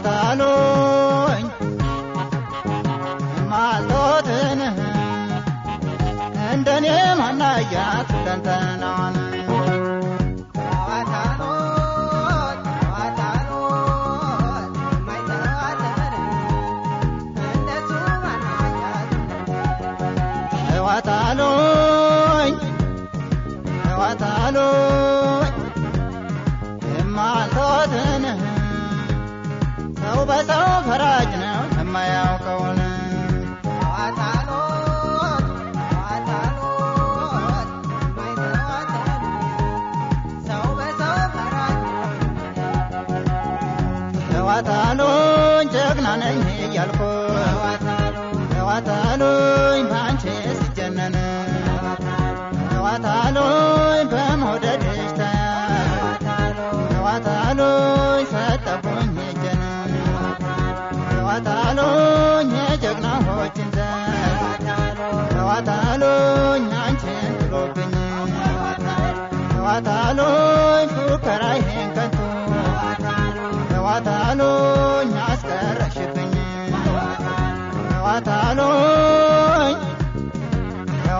አታሎኝ ማልቶትን እንደኔ ማናያት ተዋታሉን ጀግና ነኝ እያልኩ ተዋታሉን አስቀረሽብኝ ዋታሉኝ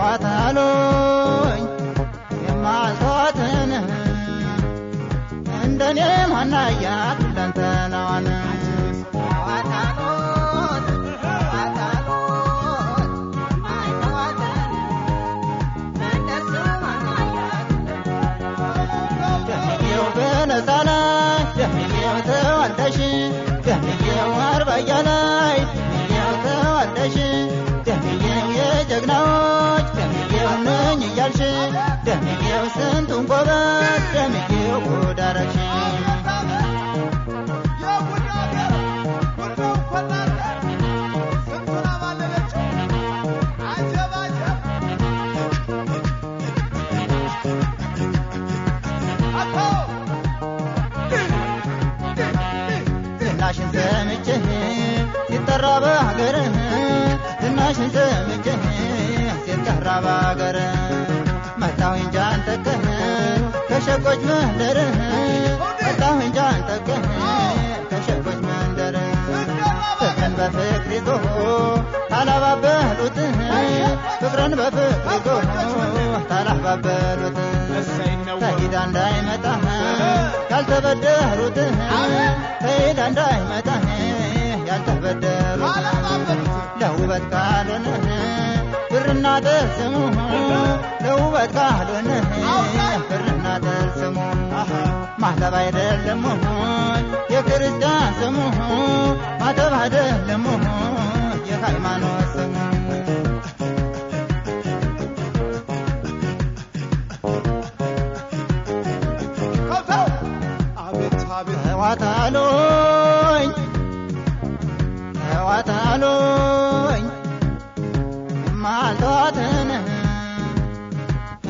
ዋታሉኝ የማልተዋትን እንደኔ ማናያት ለንተናዋ ሽንት ምንጭህ ሲጠራ ባገር መጣሁ እንዳይመጣህ ካልተበደሩትህ ለውበት ካልንህ ብርና ተስሙ ለውበት ካልንህ ብርና ተስሙ ማህተብ አይደለም የክርስቲያን ስሙ ማተብ አይደለም የሃይማኖት ስሙ ተዋታሎኝ ተዋታሎኝ ማልቶትን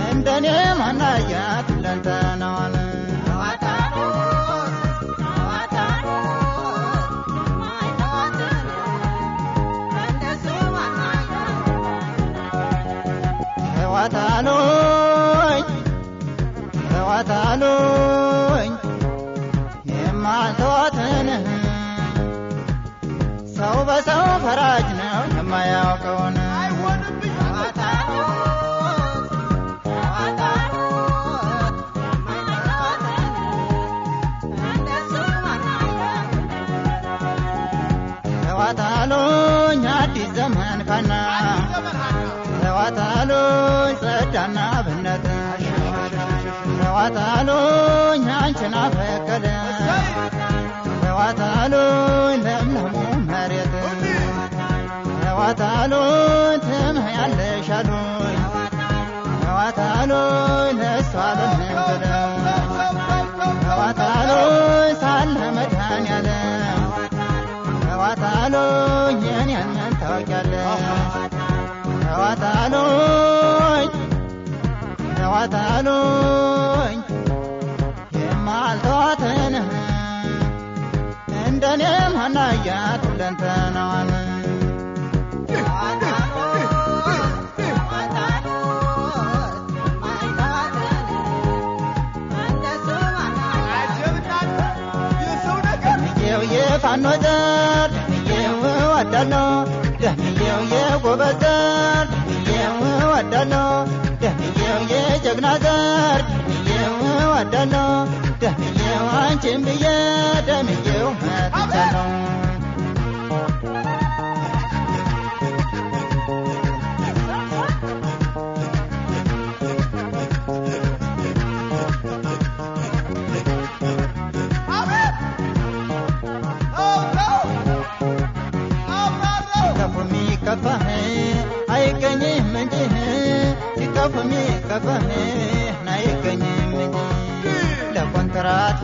እንደኔ ማናያት ለንተነዋል የማልተዋትን ሰው በሰው ፈራጅ ነው የማያውቀውን ጸዳና ብነት ተዋታሉኝ አንቺን አፈቀለ ተዋታሉኝ ለምለሙ መሬት ትምህ ያለሻሉኝ ተዋት አሉኝ የማልተዋትን እንደኔ ማናያት ሁለንተናዋን የፋኖ ዘር ደምዬው እወዳለሁ የጎበዝ ዘር ደምዬው ጀግና ዘር ብዬው አዳለው ደምዬው አንቺን ብዬ ደምዬው መጥቻለሁ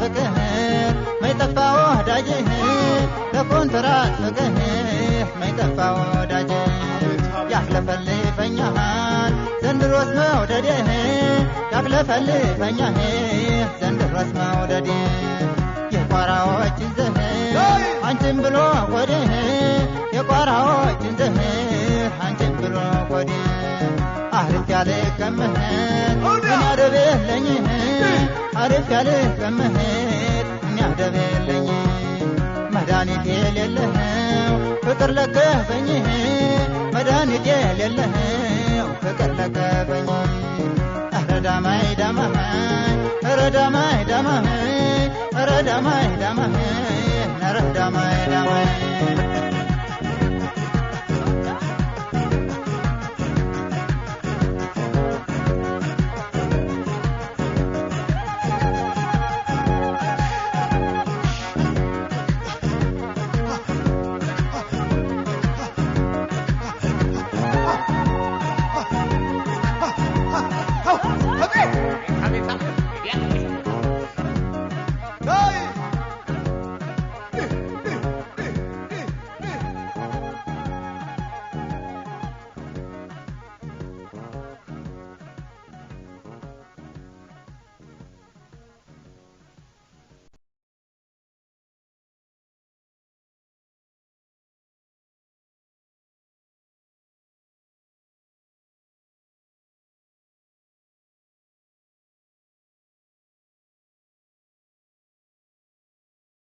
ፍቅህ መይጠፋ ወዳጅህ ለኮንትራት ፍቅህ መይጠፋ ወዳጅ ያክለፈልፈኛሃል ዘንድሮስ መውደድህ ያክለፈልፈኛህ አርፍ ያለ ከመሄድ መድኃኒት የሌለው ፍቅር ለከፈኝ መድኃኒት የሌለው ፍቅር ለከፈኝ ረዳማይ ረዳማይ